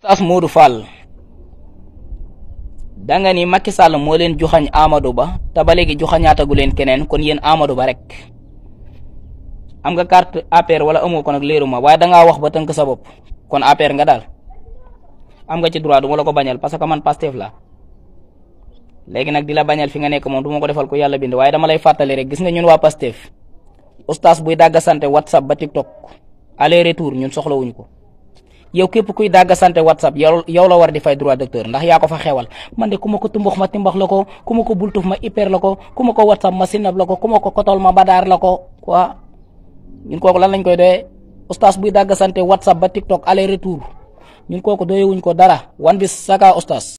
Oustaz Modou Fall danga ni Macky Sall moo leen joxañ Amadou Ba te ba léegi joxañaatagu leen keneen kon yéen Amadou Ba rek am nga carte APR wala amoo ko nag léeru ma waaye dangaa wax ba tënk sa bopp kon APR nga daal am nga ci droit du ma la ko bañal parce que man Pastef la léegi nag di la bañal fi nga nekk moom du ma ko defal ko yàlla bind waaye dama lay fàttali rek gis nga ñun waa Pastef oustaz buy dàgga sante WhatsApp ba TikTok aller retour ñun soxlawuñ ko yow képp kuy dagga sante whatsapp yow yow la war di fay droit d'auteur ndax yaa ko fa xewal man de ku ma ko tumbux ma timbax la ko ku ma ko bultuf ma hyper la ko ku ma ko whatsapp ma sinab la ko ku ma ko kotol ma badaar la ko quoi ñun kooku lan lañ koy doyee oustaz buy dagga sante whatsapp ba tiktok aller retour ñun ko doyewuñ ko dara wan bi saka oustaz